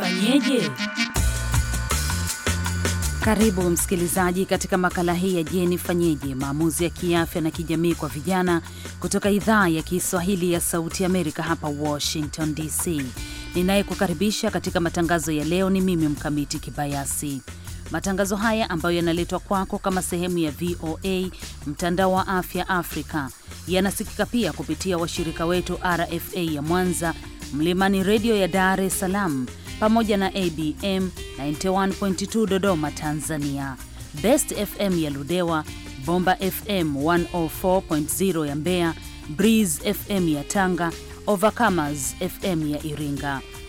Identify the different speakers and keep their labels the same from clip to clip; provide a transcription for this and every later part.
Speaker 1: Nifanyeje? Karibu msikilizaji katika makala hii ya Je, Nifanyeje, maamuzi ya kiafya na kijamii kwa vijana kutoka idhaa ya Kiswahili ya Sauti Amerika hapa Washington DC. Ninayekukaribisha katika matangazo ya leo ni mimi Mkamiti Kibayasi. Matangazo haya ambayo yanaletwa kwako kama sehemu ya VOA mtandao wa afya Afrika yanasikika pia kupitia washirika wetu RFA ya Mwanza, Mlimani Redio ya Dar es Salaam, pamoja na ABM 91.2 Dodoma Tanzania, Best FM ya Ludewa, Bomba FM 104.0 ya Mbeya, Breeze FM ya Tanga, Overcomers FM ya Iringa,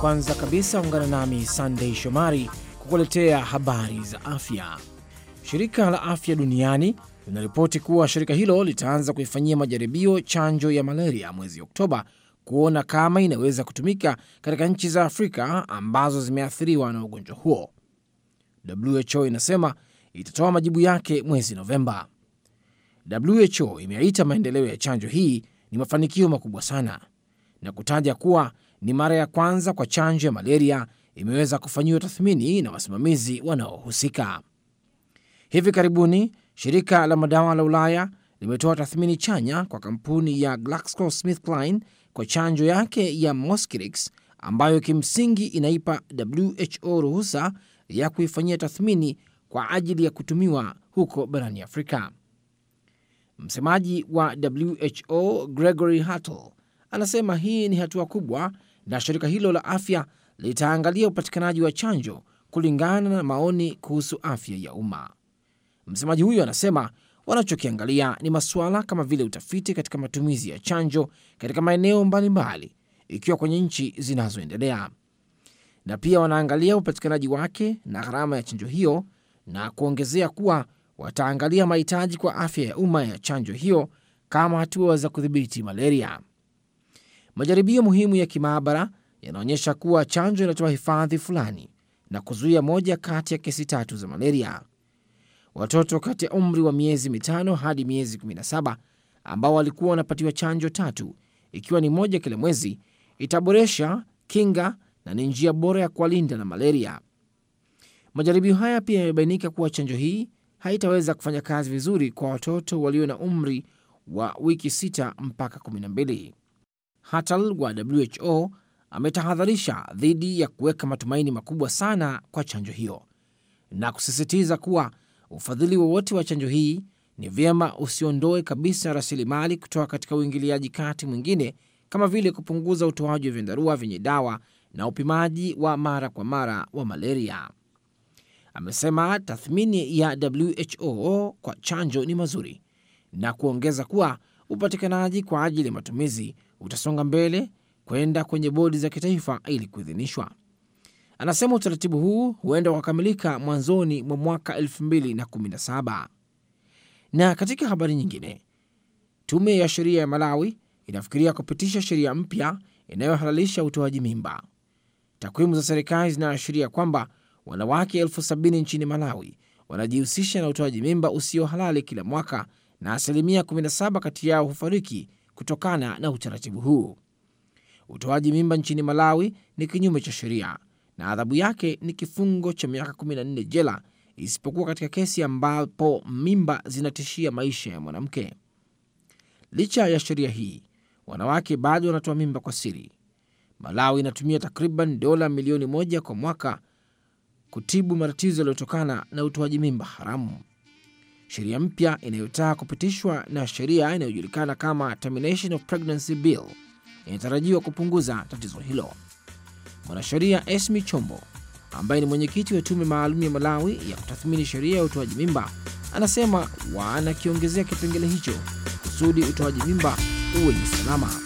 Speaker 2: Kwanza kabisa ungana nami Sandei Shomari kukuletea habari za afya. Shirika la Afya Duniani linaripoti kuwa shirika hilo litaanza kuifanyia majaribio chanjo ya malaria mwezi Oktoba kuona kama inaweza kutumika katika nchi za Afrika ambazo zimeathiriwa na ugonjwa huo. WHO inasema itatoa majibu yake mwezi Novemba. WHO imeaita maendeleo ya chanjo hii ni mafanikio makubwa sana na kutaja kuwa ni mara ya kwanza kwa chanjo ya malaria imeweza kufanyiwa tathmini na wasimamizi wanaohusika. Hivi karibuni shirika la madawa la Ulaya limetoa tathmini chanya kwa kampuni ya GlaxoSmithKline kwa chanjo yake ya Mosquirix ambayo kimsingi inaipa WHO ruhusa ya kuifanyia tathmini kwa ajili ya kutumiwa huko barani Afrika. Msemaji wa WHO Gregory Hartl anasema hii ni hatua kubwa na shirika hilo la afya litaangalia upatikanaji wa chanjo kulingana na maoni kuhusu afya ya umma. Msemaji huyo anasema wanachokiangalia ni masuala kama vile utafiti katika matumizi ya chanjo katika maeneo mbalimbali, ikiwa kwenye nchi zinazoendelea, na pia wanaangalia upatikanaji wake na gharama ya chanjo hiyo, na kuongezea kuwa wataangalia mahitaji kwa afya ya umma ya chanjo hiyo kama hatua za kudhibiti malaria. Majaribio muhimu ya kimaabara yanaonyesha kuwa chanjo inatoa hifadhi fulani na kuzuia moja kati ya kesi tatu za malaria. Watoto kati ya umri wa miezi mitano hadi miezi 17 ambao walikuwa wanapatiwa chanjo tatu ikiwa ni moja kila mwezi itaboresha kinga na ni njia bora ya kuwalinda na malaria. Majaribio haya pia yamebainika kuwa chanjo hii haitaweza kufanya kazi vizuri kwa watoto walio na umri wa wiki 6 mpaka 12. Hatal wa WHO ametahadharisha dhidi ya kuweka matumaini makubwa sana kwa chanjo hiyo na kusisitiza kuwa ufadhili wowote wa, wa chanjo hii ni vyema usiondoe kabisa rasilimali kutoka katika uingiliaji kati mwingine kama vile kupunguza utoaji wa vyandarua vyenye dawa na upimaji wa mara kwa mara wa malaria. Amesema tathmini ya WHO kwa chanjo ni mazuri na kuongeza kuwa upatikanaji kwa ajili ya matumizi utasonga mbele kwenda kwenye bodi za kitaifa ili kuidhinishwa. Anasema utaratibu huu huenda ukakamilika mwanzoni mwa mwaka 2017. Na katika habari nyingine, tume ya sheria ya Malawi inafikiria kupitisha sheria mpya inayohalalisha utoaji mimba. Takwimu za serikali zinaashiria kwamba wanawake elfu sabini nchini Malawi wanajihusisha na utoaji mimba usio halali kila mwaka na asilimia 17 kati yao hufariki kutokana na utaratibu huu. Utoaji mimba nchini Malawi ni kinyume cha sheria na adhabu yake ni kifungo cha miaka 14 jela, isipokuwa katika kesi ambapo mimba zinatishia maisha ya mwanamke. Licha ya sheria hii, wanawake bado wanatoa mimba kwa siri. Malawi inatumia takriban dola milioni moja kwa mwaka kutibu matatizo yaliyotokana na utoaji mimba haramu sheria mpya inayotaka kupitishwa na sheria inayojulikana kama Termination of Pregnancy Bill inatarajiwa kupunguza tatizo hilo. Mwanasheria Esmi Chombo ambaye ni mwenyekiti wa tume maalum ya Malawi ya kutathmini sheria ya utoaji mimba anasema wanakiongezea kipengele hicho kusudi utoaji mimba uwe ni salama.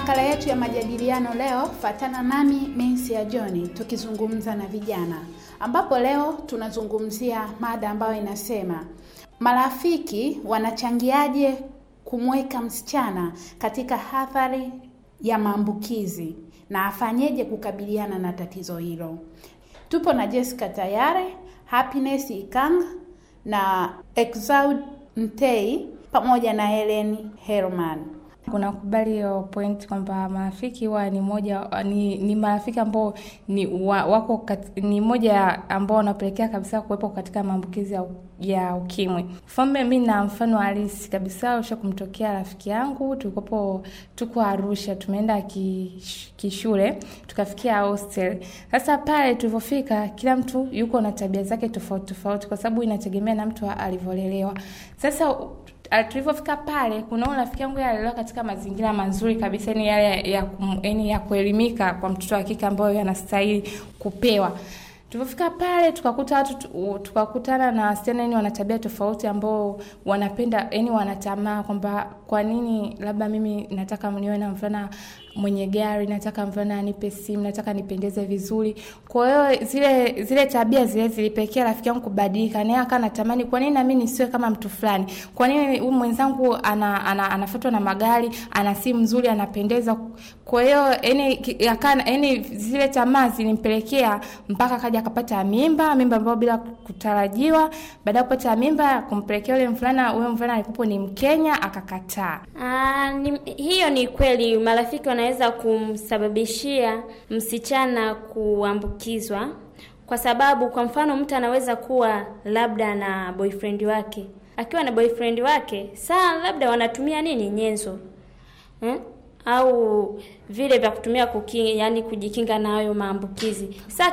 Speaker 3: makala yetu ya majadiliano leo, fatana nami Mensi ya John tukizungumza na vijana, ambapo leo tunazungumzia mada ambayo inasema marafiki wanachangiaje kumweka msichana katika hathari ya maambukizi na afanyeje kukabiliana na tatizo hilo. Tupo na Jessica Tayare, Happiness Ikang na Exaud Mtei pamoja na Helen
Speaker 4: Herman kubali hiyo point kwamba marafiki huwa ni moja ni, ni marafiki ambao ni wa, wako kat, ni moja ambao wanapelekea kabisa kuwepo katika maambukizi ya, ya ukimwi. Mfano mi na mfano halisi kabisa, usha kumtokea rafiki yangu, tulikuwapo tuko Arusha, tumeenda kishule ki tukafikia hostel. Sasa pale tulivyofika, kila mtu yuko na tabia zake tofauti tofauti, kwa sababu inategemea na mtu alivyolelewa. Sasa tulivyofika fika pale, kuna huyu rafiki yangu alilelewa katika mazingira mazuri kabisa, ni yale ya yani ya kuelimika kwa mtoto wa kike ambayo anastahili kupewa. Tulipofika pale tukakuta watu tukakutana na wasichana yani wana tabia tofauti ambao wanapenda yani wanatamaa kwamba kwa nini labda mimi nataka niwe na mvulana mwenye gari, nataka mvulana anipe simu, nataka nipendeze vizuri. Kwa hiyo zile zile tabia zile zilipekea rafiki yangu kubadilika, naye akawa natamani, kwa nini na mimi nisiwe kama mtu fulani? Kwa nini huyu mwenzangu ana, ana, ana, anafuatwa na magari, ana simu nzuri, anapendeza? Kwa hiyo yani zile tamaa zilimpelekea mpaka kaja akapata mimba, mimba ambayo bila kutarajiwa. Baada ya kupata mimba, kumpelekea yule mfulana, huyo mfulana alikuwa ni Mkenya, akakata mtaa.
Speaker 5: Aa, ah, ni, hiyo ni kweli, marafiki wanaweza kumsababishia msichana kuambukizwa kwa sababu kwa mfano mtu anaweza kuwa labda na boyfriend wake, akiwa na boyfriend wake saa labda wanatumia nini nyenzo hmm? au vile vya kutumia kukinga, yani kujikinga na hayo maambukizi. Sasa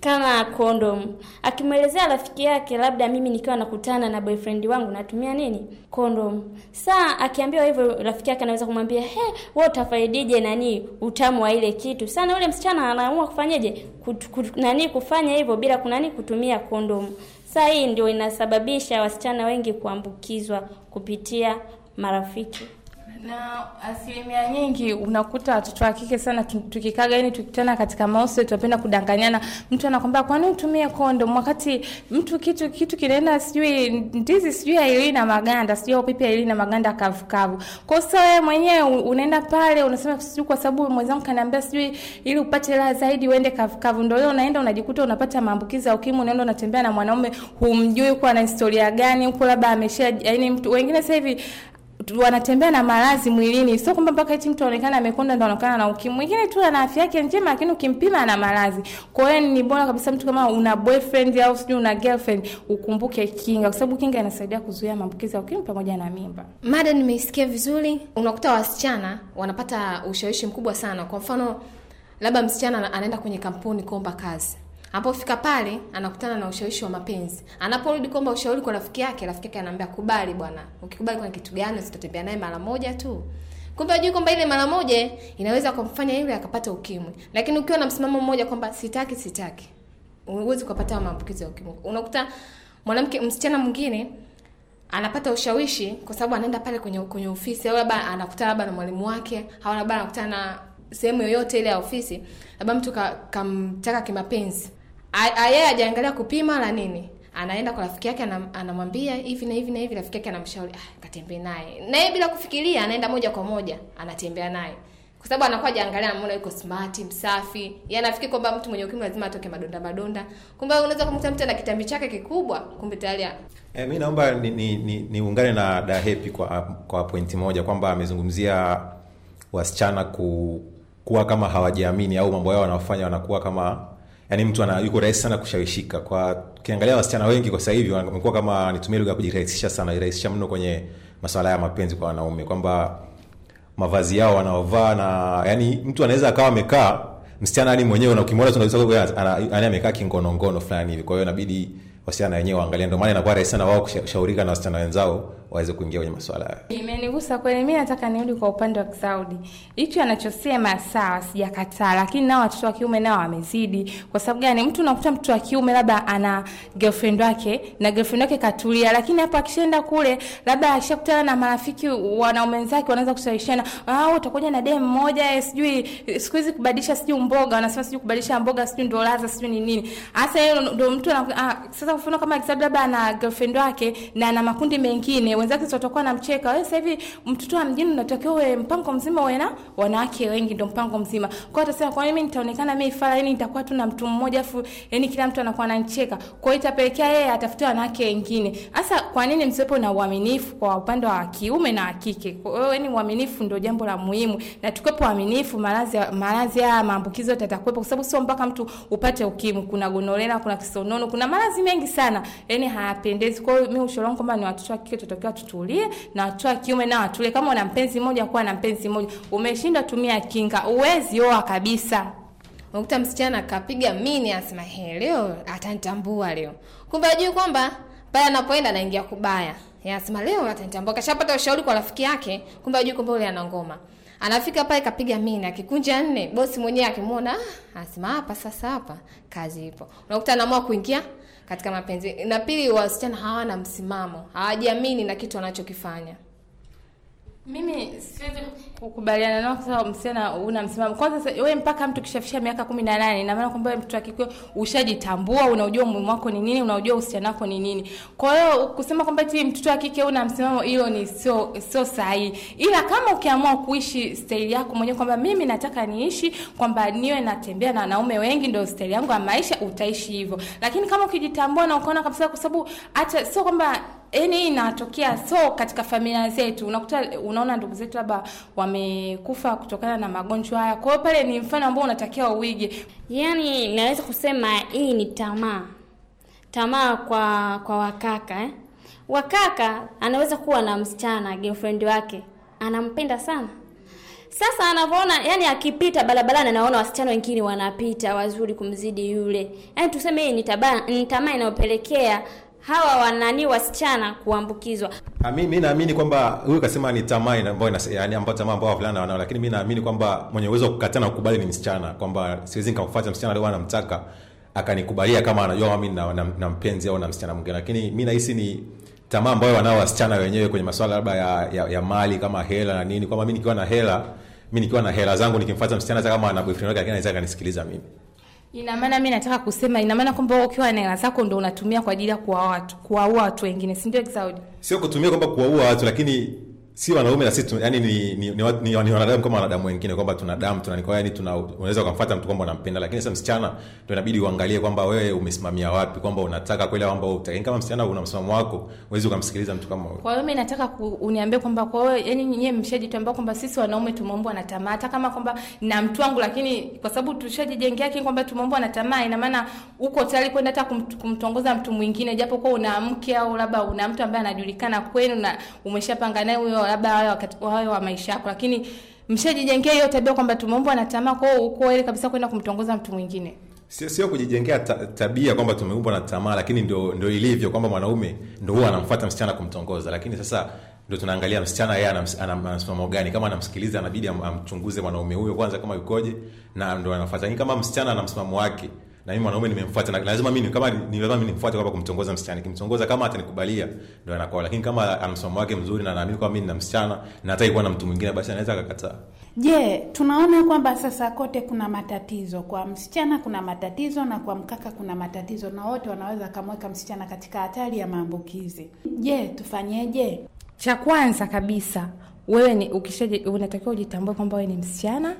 Speaker 5: kama kondom, akimwelezea rafiki yake, labda mimi nikiwa nakutana na boyfriend wangu natumia nini kondom. Sasa akiambiwa hivyo, rafiki yake anaweza kumwambia he, wewe utafaidije nani utamu wa ile kitu sana. Yule msichana anaamua kufanyaje, kut, kut, nani kufanya hivyo bila kunani kutumia kondom. Sasa hii ndio inasababisha wasichana wengi kuambukizwa kupitia marafiki
Speaker 4: na asilimia nyingi unakuta watoto wa kike sana tukikaga, yani tukikutana katika mause, tunapenda kudanganyana. Mtu anakwambia kwa nini utumie kondom, wakati mtu kitu kitu kinaenda sijui ndizi sijui aili na maganda sijui upipi aili na maganda kavukavu. Kwa hiyo wewe mwenyewe unaenda pale unasema sijui kwa sababu mwenzangu kaniambia sijui, ili upate raha zaidi uende kavukavu. Ndio leo unaenda unajikuta unapata maambukizi ya ukimwi, unaenda unatembea na mwanaume humjui kwa na historia gani huko, labda amesha yani, mtu wengine sasa hivi wanatembea na maradhi mwilini, sio kwamba mpaka eti mtu aonekana amekonda ndo anaonekana na ukimwi. Mwingine tu ana afya yake njema, lakini ukimpima ana maradhi. Kwa hiyo ni bora kabisa mtu kama una boyfriend au sijui una girlfriend, ukumbuke kinga, kwa sababu kinga inasaidia kuzuia maambukizi ya ukimwi pamoja na mimba. Mada nimeisikia
Speaker 6: vizuri. Unakuta wasichana wanapata ushawishi mkubwa sana. Kwa mfano, labda msichana anaenda kwenye kampuni kuomba kazi Anapofika pale anakutana na ushawishi wa mapenzi. Anaporudi kwamba ushauri kwa rafiki yake, rafiki yake anaambia kubali bwana. Ukikubali kuna kitu gani zitatembea naye mara moja tu. Kumbe hajui kwamba ile mara moja inaweza kumfanya yule akapata ukimwi. Lakini ukiwa na msimamo mmoja kwamba sitaki sitaki, huwezi kupata maambukizi ya ukimwi. Unakuta mwanamke msichana mwingine anapata ushawishi kwa sababu anaenda pale kwenye kwenye ofisi au labda anakutana labda na mwalimu wake au labda anakutana na sehemu yoyote ile ya ofisi, labda mtu kamtaka ka kimapenzi yeye ajaangalia kupima la nini anaenda kwa rafiki yake anamwambia hivi na hivi na hivi, rafiki yake anamshauri ah, katembee naye na yeye bila kufikiria anaenda moja kwa moja anatembea naye, kwa sababu anakuwa ajaangalia anamuona yuko smart, msafi, yeye anafikiri kwamba mtu mwenye ukimwi lazima atoke madonda madonda, kumbe unaweza kumkuta mtu ana kitambi chake kikubwa, kumbe tayari. E,
Speaker 7: eh, mi naomba niungane ni, ni, ni na Dahepi kwa kwa pointi moja kwamba amezungumzia wasichana ku, kuwa kama hawajiamini au mambo yao wanafanya wanakuwa kama yani mtu ana yuko rahisi sana kushawishika kwa ukiangalia wasichana wengi kwa sasa hivi wamekuwa kama nitumie lugha ya kujirahisisha sana irahisisha mno kwenye masuala ya mapenzi kwa wanaume kwamba mavazi yao wanaovaa na yani mtu anaweza akawa amekaa msichana yani mwenyewe na ukimwona tunani amekaa kingonongono fulani hivi kwa hiyo inabidi wasichana wenyewe waangalia ndio maana inakuwa rahisi sana wao kushaurika na wasichana wenzao waweze kuingia kwenye masuala hayo.
Speaker 4: Imenigusa kweli. Mi nataka nirudi kwa upande wa Saudi, hicho anachosema sawa, sijakataa, lakini nao watoto wa kiume nao wamezidi. Kwa sababu gani? Mtu unakuta mtu wa kiume labda ana girlfriend wake na girlfriend wake katulia, lakini hapo akishaenda kule, labda akishakutana na marafiki wanaume wenzake, wanaanza kushawishana, ah, utakuja na dem mmoja, eh, sijui siku hizi kubadilisha, sijui mboga, wanasema sijui kubadilisha mboga, sijui ndo laza, sijui ni nini hasa. yeye ndo mtu ah, sasa kufuna kama labda ana girlfriend wake na ana makundi mengine wenzake watakuwa namcheka, wewe sasa hivi mtoto wa mjini unatakiwa uwe mpango mzima, uwe na wanawake wengi, ndio mpango mzima. Kwa hiyo atasema, kwa mimi nitaonekana mimi fara, yani nitakuwa tu na mtu mmoja afu, yani kila mtu anakuwa ananicheka. Kwa hiyo itapelekea yeye atafute wanawake wengine. Sasa kwa nini msiwepo na uaminifu kwa upande wa kiume na kike? Kwa hiyo yani uaminifu ndio jambo la muhimu, na tukwepo uaminifu, maradhi maradhi haya maambukizo yatakwepo, kwa sababu sio mpaka mtu upate ukimwi, kuna gonorela, kuna kisonono, kuna maradhi mengi sana, yani hayapendezi. Kwa hiyo mimi ushauri wangu kwamba ni watoto wa kike tutakiwa tutulie na watu wa kiume na watulie. Kama una mpenzi mmoja, kuwa na mpenzi mmoja. Umeshindwa, tumia kinga, uwezi oa kabisa. Unakuta msichana kapiga mini, asema he, leo atanitambua leo, kumbe ajui kwamba
Speaker 6: pale anapoenda anaingia kubaya. Yasema leo atanitambua, kashapata ushauri kwa rafiki yake, kumbe ajui kwamba yule ana ngoma. Anafika pale kapiga mini, akikunja nne, bosi mwenyewe akimwona, ah, asema hapa sasa, hapa kazi ipo. Unakuta anaamua kuingia katika mapenzi. Na pili,
Speaker 4: wasichana hawana msimamo, hawajiamini na kitu wanachokifanya. Mimi siwezi kukubaliana nao kwa sababu msichana una msimamo. Kwanza wewe mpaka mtu kishafikisha miaka 18 na maana kwamba wewe mtoto akikwe ushajitambua, unaujua umuhimu wako ni nini, unaujua uhusiano wako ni nini. Kwa hiyo kusema kwamba ti mtoto wa kike una msimamo, hilo ni sio sio sahihi. Ila kama ukiamua kuishi staili yako mwenyewe kwamba mimi nataka niishi kwamba niwe natembea na wanaume wengi ndio staili yangu ya maisha, utaishi hivyo. Lakini kama ukijitambua na ukaona kabisa kwa sababu hata sio kwamba yani inatokea. So katika familia zetu unakuta, unaona ndugu zetu labda wamekufa kutokana na magonjwa haya. Kwa hiyo pale ni mfano ambao unatakiwa uwige
Speaker 5: Yani naweza kusema hii ni tamaa, tamaa kwa kwa wakaka eh? Wakaka anaweza kuwa na msichana girlfriend wake anampenda sana sasa anavyoona yani, akipita barabarani anaona wasichana wengine wanapita wazuri kumzidi yule, yani tuseme hii ni tamaa inayopelekea hawa wanani wasichana kuambukizwa.
Speaker 7: Mimi ah, naamini kwamba huyu kasema ni tamaa ambayo yani ambayo tamaa ambayo wavulana wanao, lakini mimi naamini kwamba mwenye uwezo wa kukataa na kukubali ni msichana, kwamba siwezi nikamfuata msichana aliyokuwa anamtaka akanikubalia kama anajua mimi na, na, na mpenzi au na msichana mwingine, lakini mimi nahisi ni tamaa ambayo wanao wasichana wenyewe kwenye masuala labda ya, ya, ya mali kama hela na nini, kwamba mimi nikiwa na hela mimi nikiwa na hela zangu nikimfuata msichana hata kama ana boyfriend wake, lakini anaweza akanisikiliza mimi.
Speaker 4: Ina maana mimi nataka kusema, ina maana kwamba ukiwa na hela zako ndio unatumia kwa ajili ya kuua watu, kuwaua watu wengine, si ndio? Exaudi,
Speaker 7: sio kutumia kwamba kuwaua watu, lakini si wanaume na sisi yani ni, ni, ni, ni, ni wanadamu kama wanadamu wengine kwamba tuna damu tuna nikwa yani tuna unaweza ukamfuata mtu kwamba unampenda lakini sasa msichana ndio inabidi uangalie kwamba wewe umesimamia wapi kwamba unataka kweli kwamba utaki kama msichana una msimamo wako uwezi ukamsikiliza mtu kama wewe
Speaker 4: kwa hiyo mimi nataka uniambie kwamba kwa wewe yani nyenye nyinyi mshajitambua kwamba sisi wanaume tumeombwa na tamaa hata kama kwamba na mtu wangu lakini kwa sababu tushajijengea kile kwamba tumeombwa na tamaa ina maana uko tayari kwenda hata kum, kumtongoza mtu mwingine japo kwa una mke au labda una mtu ambaye anajulikana kwenu na umeshapanga naye huyo labda wawe wawe wa maisha yako, lakini mshajijengea hiyo tabia kwamba tumeumbwa na tamaa, kwao uko ile kabisa kwenda kumtongoza mtu mwingine.
Speaker 7: Sio sio kujijengea ta, tabia kwamba tumeumbwa na tamaa, lakini ndio ndio ilivyo kwamba mwanaume ndio huwa anamfuata msichana kumtongoza, lakini sasa ndio tunaangalia msichana yeye ana gani. Kama anamsikiliza, anabidi amchunguze mwanaume huyo kwanza, kama yukoje, na ndio anafuata. Kama msichana ana msimamo wake na mimi mwanaume nimemfuata na lazima mimi kama ni lazima mimi nimfuate kwa kumtongoza msichana kimtongoza kama atanikubalia ndio anakuwa lakini kama ana msimamo wake mzuri na naamini kwa mimi na msichana na hata ikuwa na mtu mwingine basi anaweza akakataa
Speaker 3: je yeah, tunaona kwamba sasa kote kuna matatizo kwa msichana kuna matatizo na kwa mkaka kuna matatizo na wote wanaweza akamweka msichana katika hatari ya maambukizi
Speaker 4: je yeah, tufanyeje cha kwanza kabisa wewe ni ukisha unatakiwa ujitambue kwamba wewe ni msichana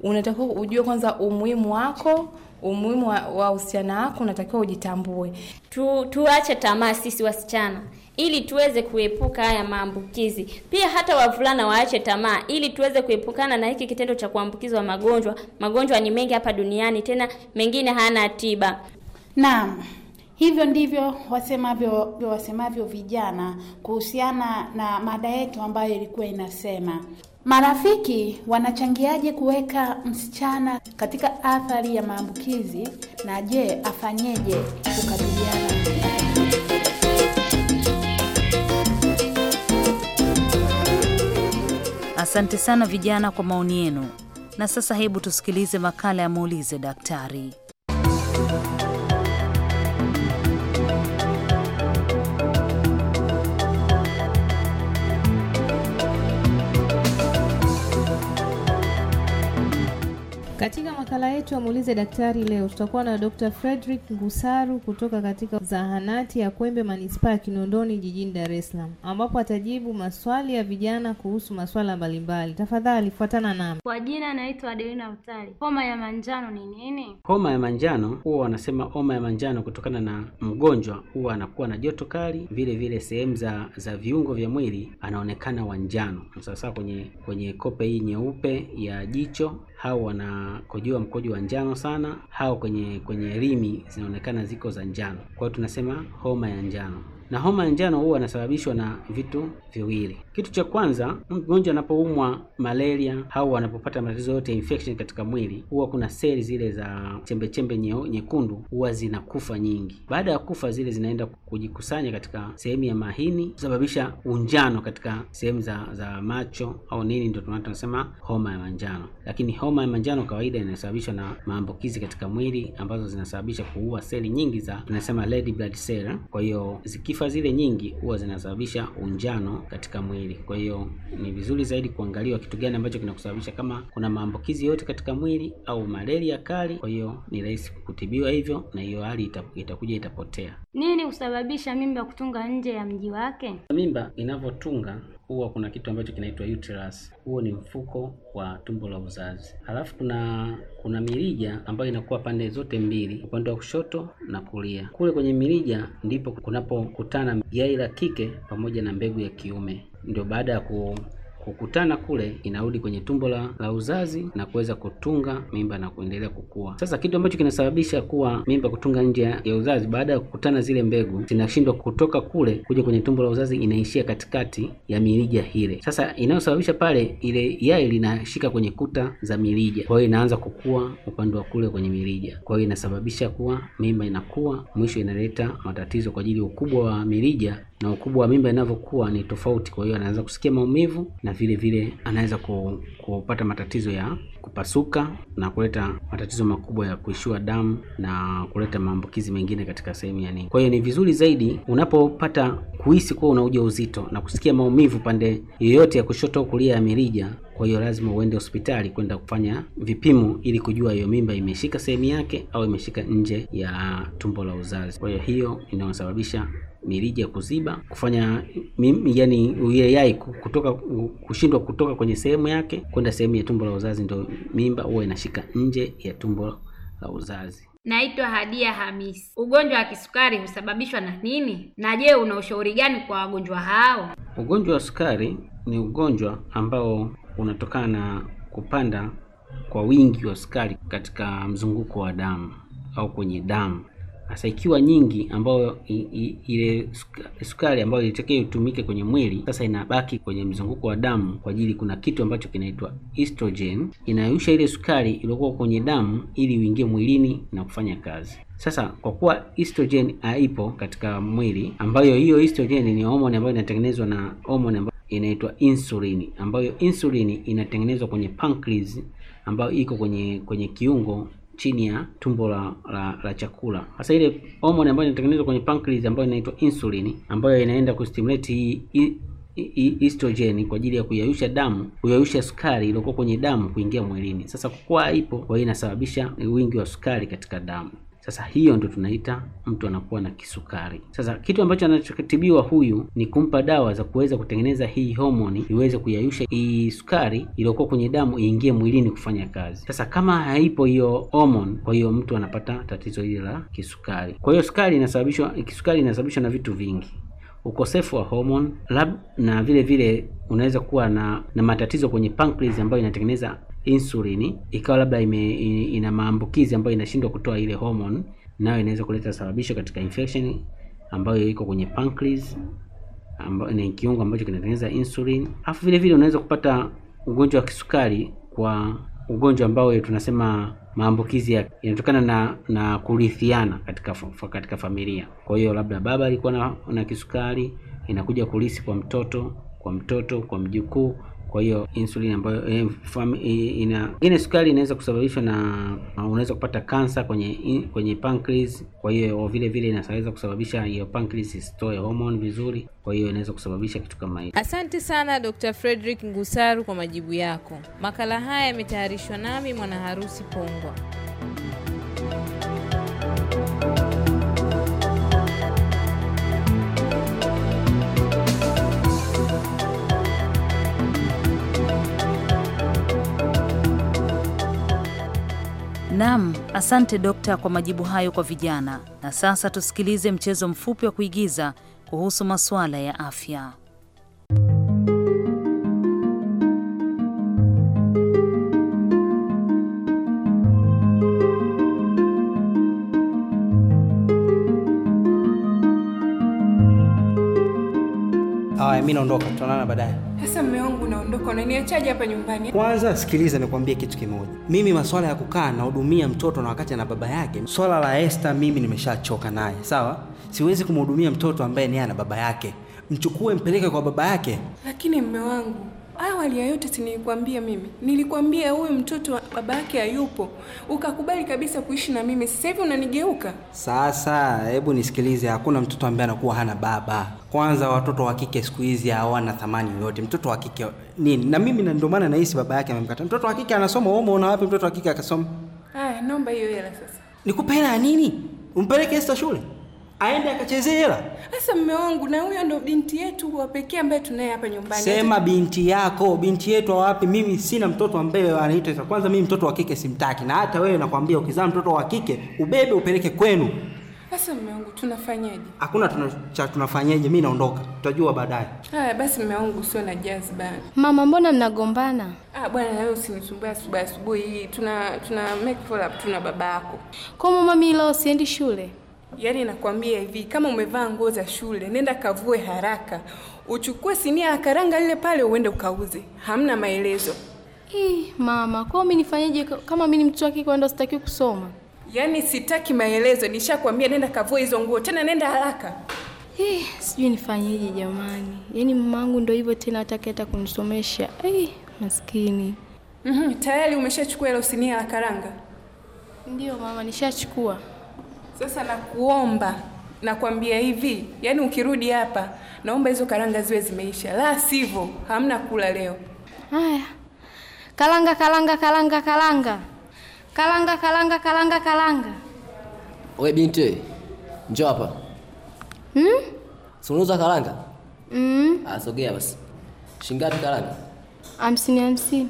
Speaker 4: unatakiwa ujue kwanza umuhimu wako
Speaker 5: umuhimu wa uhusiana wako, unatakiwa ujitambue. Tu, tuache tamaa sisi wasichana ili tuweze kuepuka haya maambukizi. Pia hata wavulana waache tamaa ili tuweze kuepukana na hiki kitendo cha kuambukizwa magonjwa. Magonjwa ni mengi hapa duniani, tena mengine hayana tiba.
Speaker 3: Naam. Hivyo ndivyo wasemavyo wasemavyo vijana kuhusiana na mada yetu ambayo ilikuwa inasema marafiki wanachangiaje kuweka msichana katika athari ya maambukizi, na je, afanyeje kukabiliana?
Speaker 1: Asante sana vijana kwa maoni yenu, na sasa hebu tusikilize makala ya muulize daktari.
Speaker 4: Katika makala yetu amuulize daktari leo tutakuwa na Dr. Frederick Ngusaru kutoka katika zahanati ya Kwembe manispaa ya Kinondoni jijini Dar es Salaam, ambapo atajibu maswali ya vijana kuhusu maswala mbalimbali. Tafadhali
Speaker 8: fuatana nami.
Speaker 5: Kwa jina naitwa Adelina Utali. Homa ya manjano ni nini?
Speaker 8: Homa ya manjano huwa wanasema homa ya manjano kutokana na mgonjwa huwa anakuwa na joto kali, vile vile sehemu za za viungo vya mwili anaonekana wanjano, sasa kwenye kwenye kope hii nyeupe ya jicho hao wanakojoa mkojo wa njano sana, hao kwenye kwenye rimi zinaonekana ziko za njano. Kwa hiyo tunasema homa ya njano. Na homa ya njano huwa inasababishwa na vitu viwili. Kitu cha kwanza, mgonjwa anapoumwa malaria au anapopata matatizo yote infection katika mwili, huwa kuna seli zile za chembechembe nyekundu huwa zinakufa nyingi. Baada ya kufa, zile zinaenda kujikusanya katika sehemu ya mahini kusababisha unjano katika sehemu za, za macho au nini, ndio tunasema homa ya manjano. Lakini homa ya manjano kawaida inasababishwa na maambukizi katika mwili ambazo zinasababisha kuua seli nyingi za tunasema red blood cell. Kwa hiyo zikifa sifa zile nyingi huwa zinasababisha unjano katika mwili. Kwa hiyo ni vizuri zaidi kuangaliwa kitu gani ambacho kinakusababisha, kama kuna maambukizi yote katika mwili au malaria kali. Kwa hiyo ni rahisi kutibiwa hivyo, na hiyo hali itakuja ita, ita itapotea.
Speaker 5: Nini husababisha mimba kutunga nje ya mji wake?
Speaker 8: Mimba inavyotunga huwa kuna kitu ambacho kinaitwa uterus. Huo ni mfuko wa tumbo la uzazi. Halafu kuna kuna mirija ambayo inakuwa pande zote mbili, upande wa kushoto na kulia. Kule kwenye mirija ndipo kunapokutana yai la kike pamoja na mbegu ya kiume, ndio baada ya ku kukutana kule inarudi kwenye tumbo la, la uzazi na kuweza kutunga mimba na kuendelea kukua. Sasa kitu ambacho kinasababisha kuwa mimba kutunga nje ya uzazi, baada ya kukutana zile mbegu zinashindwa kutoka kule kuja kwenye tumbo la uzazi, inaishia katikati ya mirija hile. Sasa inayosababisha pale, ile yai linashika kwenye kuta za mirija, kwa hiyo inaanza kukua upande wa kule kwenye mirija, kwa hiyo inasababisha kuwa mimba inakuwa, mwisho inaleta matatizo kwa ajili ya ukubwa wa mirija na ukubwa wa mimba inavyokuwa ni tofauti. Kwa hiyo anaweza kusikia maumivu na vile vile anaweza kupata matatizo ya kupasuka na kuleta matatizo makubwa ya kuishua damu na kuleta maambukizi mengine katika sehemu ya nini. Kwa hiyo ni vizuri zaidi unapopata kuhisi kuwa una ujauzito na kusikia maumivu pande yoyote ya kushoto au kulia ya mirija kwa hiyo lazima uende hospitali kwenda kufanya vipimo ili kujua hiyo mimba imeshika sehemu yake au imeshika nje ya tumbo la uzazi. Kwa hiyo hiyo inayosababisha mirija kuziba, kufanya yani ile yai kutoka kushindwa kutoka kwenye sehemu yake kwenda sehemu ya tumbo la uzazi, ndio mimba huwa inashika nje ya tumbo la uzazi.
Speaker 5: Naitwa Hadia Hamisi. Ugonjwa wa kisukari husababishwa na nini, na je, una ushauri gani kwa wagonjwa hao?
Speaker 8: Ugonjwa wa sukari ni ugonjwa ambao unatokana na kupanda kwa wingi wa sukari katika mzunguko wa damu au kwenye damu. Sasa ikiwa nyingi, ambayo ile sukari ambayo ilitakiwa itumike kwenye mwili sasa inabaki kwenye mzunguko wa damu, kwa ajili kuna kitu ambacho kinaitwa estrogen inayusha ile sukari iliyokuwa kwenye damu ili uingie mwilini na kufanya kazi. Sasa kwa kuwa estrogen haipo katika mwili, ambayo hiyo estrogen ni homoni ambayo inatengenezwa na homoni ambayo inaitwa insulini, ambayo insulini inatengenezwa kwenye pancreas ambayo iko kwenye kwenye kiungo chini ya tumbo la, la, la chakula. Sasa ile homoni ambayo inatengenezwa kwenye pancreas ambayo inaitwa insulin ambayo inaenda kustimulate hii estrogen kwa ajili ya kuyayusha damu, kuyayusha sukari iliyokuwa kwenye damu kuingia mwilini. Sasa kwa ipo, kwa hiyo inasababisha wingi wa sukari katika damu. Sasa hiyo ndio tunaita mtu anakuwa na kisukari. Sasa kitu ambacho anachotibiwa huyu ni kumpa dawa za kuweza kutengeneza hii homoni iweze kuyayusha hii sukari iliyokuwa kwenye damu iingie mwilini kufanya kazi. Sasa kama haipo hiyo homoni, kwa hiyo mtu anapata tatizo hili la kisukari. Kwa hiyo sukari inasababishwa, kisukari inasababishwa na vitu vingi ukosefu wa hormone lab, na vile vile unaweza kuwa na, na matatizo kwenye pancreas ambayo inatengeneza insulini ikawa labda ime, ina maambukizi ambayo inashindwa kutoa ile hormone, nayo inaweza kuleta sababisho katika infection ambayo iko kwenye pancreas ambayo ni kiungo ambacho kinatengeneza insulin. Alafu vile vile unaweza kupata ugonjwa wa kisukari kwa ugonjwa ambao tunasema maambukizi yake inatokana na na kurithiana katika katika familia. Kwa hiyo labda baba alikuwa na, na kisukari inakuja kurisi kwa mtoto kwa mtoto kwa mjukuu kwa hiyo insulin ambayo eh, fam, eh, ina ingine sukari inaweza kusababishwa na unaweza kupata kansa kwenye in, kwenye pancreas. Kwa hiyo vile vile inaweza kusababisha hiyo pancreas isitoe hormone vizuri, kwa hiyo inaweza kusababisha kitu kama hicho.
Speaker 4: Asante sana Dr. Frederick Ngusaru kwa majibu yako. Makala haya yametayarishwa nami mwana harusi Pongwa.
Speaker 1: Naam, asante dokta kwa majibu hayo kwa vijana. Na sasa tusikilize mchezo mfupi wa kuigiza kuhusu masuala ya afya.
Speaker 9: Haya, mimi naondoka, tutaonana baadaye.
Speaker 10: Sasa mume wangu duka unaniachaje hapa nyumbani? Kwanza
Speaker 9: sikiliza nikwambie kitu kimoja, mimi masuala ya kukaa nahudumia mtoto na wakati ana baba yake, swala la Esther mimi nimeshachoka naye, sawa? Siwezi kumhudumia mtoto ambaye ni ana baba yake. Mchukue mpeleke kwa baba yake.
Speaker 10: Lakini mme wangu Awali ya yote, si mimi, nilikwambia huyu mtoto baba yake hayupo, ukakubali kabisa kuishi na mimi. Sasa hivi unanigeuka.
Speaker 9: Sasa hebu nisikilize, hakuna mtoto ambaye anakuwa hana baba. Kwanza watoto wa kike siku hizi hawana thamani yoyote. Mtoto wa kike nini? Na mimi ndio maana nahisi baba yake amemkata. Mtoto wa kike anasoma, wewe umeona wapi mtoto wa kike akasoma?
Speaker 10: Haya, naomba hiyo hela sasa.
Speaker 9: Nikupe hela ya nini? Umpeleke Esther shule? aende akachezee hela.
Speaker 10: Sasa mume wangu, na huyo ndo binti yetu wa pekee ambaye tunaye hapa nyumbani. Sema
Speaker 9: binti yako, binti yetu wapi? Mimi sina mtoto ambaye anaitwa Isa. Kwanza mimi mtoto wa kike simtaki, na hata wewe nakwambia, ukizaa mtoto wa kike ubebe upeleke kwenu.
Speaker 10: Sasa mume wangu, tunafanyaje?
Speaker 9: Hakuna tunacha, tunafanyaje, mimi naondoka, tutajua baadaye.
Speaker 10: Haya basi, mume wangu, sio na jazba.
Speaker 11: Mama, mbona mnagombana?
Speaker 10: Ah bwana, leo usinisumbue asubuhi asubuhi, hii. tuna tuna make follow up, tuna babako.
Speaker 11: Kwa mama, mimi leo siendi shule.
Speaker 10: Yaani nakwambia hivi, kama umevaa nguo za shule, nenda kavue haraka, uchukue sinia ya karanga lile pale, uende ukauze. Hamna maelezo.
Speaker 11: Hii, eh, mama, kwao mimi nifanyeje? Kama mimi ni mtu wake, kwa ndo sitaki kusoma.
Speaker 10: Yaani sitaki maelezo, nishakwambia nenda kavue hizo nguo, tena nenda haraka. Eh,
Speaker 11: sijui nifanyeje jamani. Yaani mamangu ndo hivyo tena, hataki hata kunisomesha. Eh,
Speaker 10: maskini. Mhm, tayari umeshachukua ile sinia la karanga? ndio mama, nishachukua. Sasa nakuomba nakwambia hivi, yaani ukirudi hapa naomba hizo karanga ziwe zimeisha, la sivyo hamna kula leo. Haya,
Speaker 11: kalanga kalanga kalanga kalanga kalanga kalanga kalanga kalanga.
Speaker 12: We binti, njoo hapa hmm? sunuza kalanga mm. Ah, sogea basi. Shingapi kalanga?
Speaker 11: hamsini hamsini.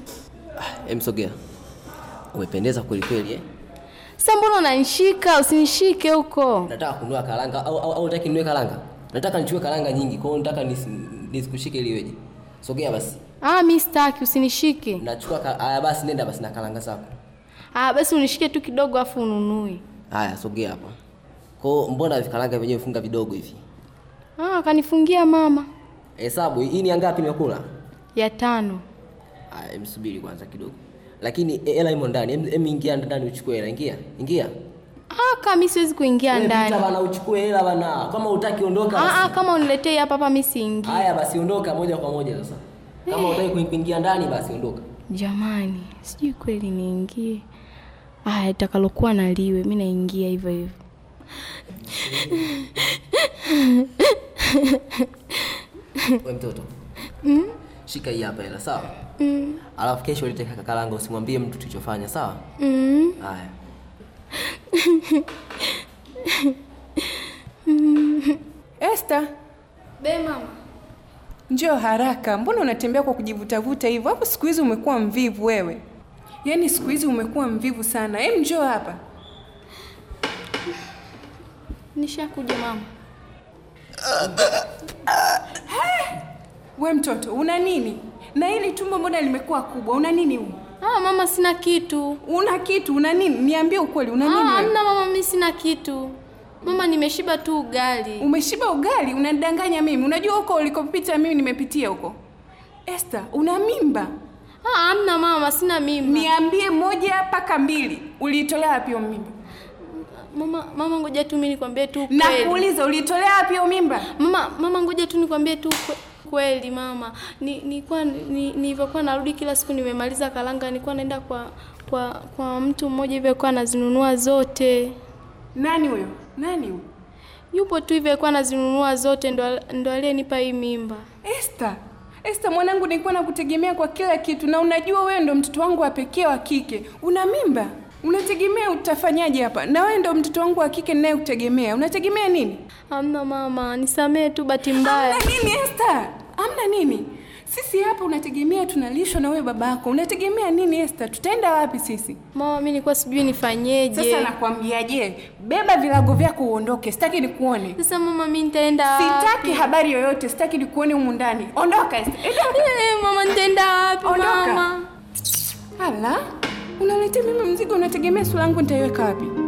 Speaker 12: Ah, emsogea. Umependeza kwelikweli eh?
Speaker 11: Sasa mbona unanishika? usinshike huko.
Speaker 12: Nataka kunua karanga au au unataka niwe karanga? Nataka nichukue karanga nyingi. Kwa hiyo nataka nisikushike ili weje. Sogea basi.
Speaker 11: Ah, mimi sitaki usinishike. Nachukua haya basi nenda basi na karanga zako. Ah, basi unishike tu kidogo afu ununui
Speaker 12: Haya, sogea hapa. Kwa hiyo mbona vikaranga vyenyewe funga vidogo hivi?
Speaker 11: Ah, kanifungia mama.
Speaker 12: Hesabu hii ni angapi nimekula?
Speaker 11: Ya tano.
Speaker 12: Haya, msubiri kwanza kidogo lakini e, hela imo ndani. Em, ingia ndani uchukue hela, ingia ingia.
Speaker 11: Ah, kama mimi siwezi kuingia ndani. Pita bana,
Speaker 12: uchukue hela bana, kama hutaki ondoka. Ah ah,
Speaker 11: kama uniletee hapa hapa mimi siingii. Haya basi,
Speaker 12: ondoka moja kwa moja sasa. Kama eh. hutaki kuingia ndani, basi ondoka.
Speaker 11: Jamani, sijui kweli niingie. Ah, itakalokuwa naliwe mimi naingia hivyo hivyo. Wewe mtoto, mm?
Speaker 12: Shika hii hapa hela, sawa? mm. Alafu kesho ulete langu usimwambie mtu tulichofanya, sawa?
Speaker 10: mm. Haya. Esther. Be mama. Njoo haraka, mbona unatembea kwa kujivutavuta hivyo? Hapo siku hizi umekuwa mvivu wewe, yaani siku hizi umekuwa mvivu sana. Hem, njoo hapa. Nishakuja mama. We mtoto, una nini? na hili tumbo mbona limekuwa kubwa? Una nini huko? Ah, mama sina kitu. Una kitu? Una nini? Niambie ukweli, una nini? Ah, na mama, mimi sina kitu. Mama, nimeshiba tu ugali. Umeshiba ugali? unadanganya mimi. Unajua huko ulikopita mimi nimepitia huko. Esther, una mimba? Ah, hamna mama, sina mimba. Niambie moja mpaka mbili. Uliitolea wapi hiyo mimba?
Speaker 11: Mama, mama ngoja tu mimi nikwambie tu ukweli. Nakuuliza uliitolea wapi hiyo mimba? Mama, mama ngoja tu nikwambie tu kweli kweli mama, nilikuwa ni, nilivyokuwa ni, narudi kila siku nimemaliza karanga, nilikuwa naenda kwa kwa kwa mtu mmoja hivyo, alikuwa anazinunua zote. Nani huyo? Nani huyo? Yupo tu hivyo, alikuwa anazinunua zote, ndo
Speaker 10: ndo aliyenipa hii mimba. Esther, Esther mwanangu, nilikuwa nakutegemea kwa kila kitu, na unajua wewe ndo mtoto wangu wa pekee wa kike. Una mimba, unategemea utafanyaje hapa? Na wewe ndo mtoto wangu wa kike ninayekutegemea, unategemea nini? Hamna mama, nisamee tu, bahati mbaya. Hamna nini Esther? Amna nini? Sisi hapa unategemea tunalishwa na wewe babako. Unategemea nini Esther? Tutaenda wapi sisi? Mama, mimi nilikuwa sijui nifanyeje. Sasa je Beba vilago vyako uondoke. Sitaki nikuone. Sasa mama, mimi nitaenda Sitaki habari yoyote. Sitaki nikuone humu ndani. Ondoka Esther. Eh, eh, mama nitaenda wapi mama? hala unaletea mimi mzigo unategemea sulangu nitaiweka wapi?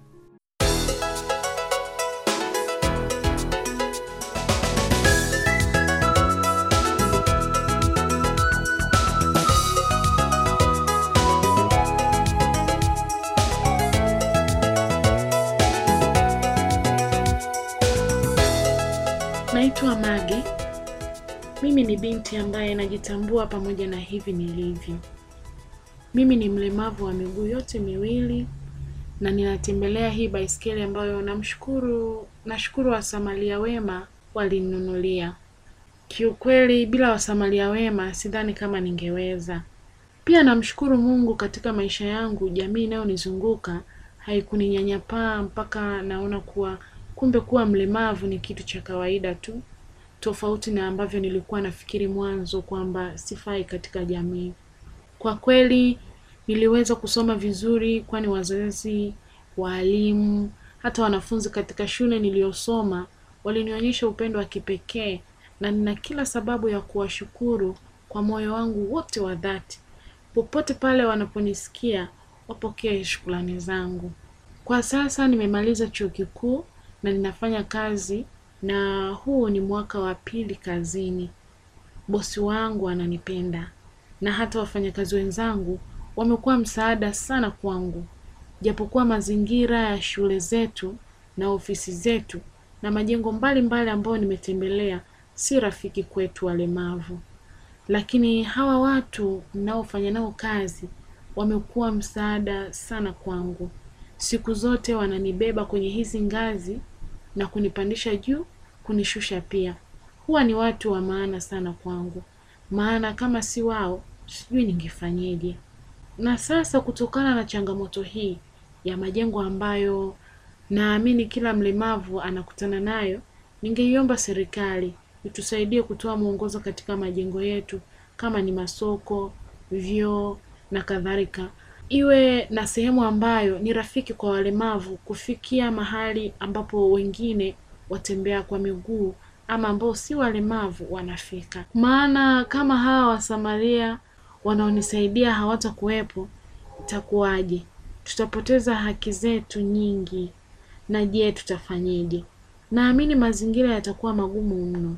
Speaker 13: Mimi ni binti ambaye najitambua pamoja na hivi nilivyo. Mimi ni mlemavu wa miguu yote miwili na ninatembelea hii baiskeli ambayo namshukuru, nashukuru wasamaria wema walinunulia Kiukweli bila wasamaria wema sidhani kama ningeweza. Pia namshukuru Mungu katika maisha yangu, jamii inayonizunguka haikuninyanyapaa mpaka naona kuwa kumbe kuwa mlemavu ni kitu cha kawaida tu tofauti na ambavyo nilikuwa nafikiri mwanzo kwamba sifai katika jamii. Kwa kweli niliweza kusoma vizuri, kwani wazazi, waalimu, hata wanafunzi katika shule niliyosoma walinionyesha upendo wa kipekee, na nina kila sababu ya kuwashukuru kwa moyo wangu wote wa dhati. Popote pale wanaponisikia, wapokee shukrani zangu. Kwa sasa nimemaliza chuo kikuu na ninafanya kazi na huu ni mwaka wa pili kazini. Bosi wangu ananipenda na hata wafanyakazi wenzangu wamekuwa msaada sana kwangu, japokuwa mazingira ya shule zetu na ofisi zetu na majengo mbalimbali ambayo nimetembelea si rafiki kwetu walemavu, lakini hawa watu mnaofanya nao kazi wamekuwa msaada sana kwangu. Siku zote wananibeba kwenye hizi ngazi na kunipandisha juu, kunishusha pia. Huwa ni watu wa maana sana kwangu, maana kama si wao sijui ningefanyeje. Na sasa kutokana na changamoto hii ya majengo ambayo naamini kila mlemavu anakutana nayo, ningeiomba serikali itusaidie kutoa mwongozo katika majengo yetu, kama ni masoko, vyoo na kadhalika, iwe na sehemu ambayo ni rafiki kwa walemavu kufikia mahali ambapo wengine watembea kwa miguu ama ambao si walemavu wanafika. Maana kama hawa Wasamaria wanaonisaidia hawatakuwepo, itakuwaje? Tutapoteza haki zetu nyingi, na je, tutafanyeje? Naamini mazingira yatakuwa magumu mno.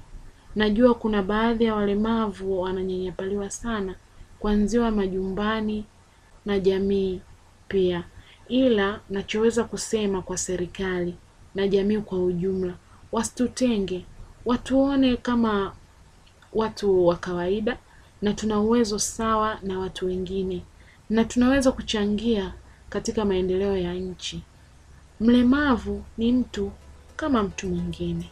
Speaker 13: Najua kuna baadhi ya walemavu wananyanyapaliwa sana, kuanziwa majumbani na jamii pia, ila nachoweza kusema kwa serikali na jamii kwa ujumla, wasitutenge, watuone kama watu wa kawaida na tuna uwezo sawa na watu wengine na tunaweza kuchangia katika maendeleo ya nchi. Mlemavu ni mtu kama mtu mwingine.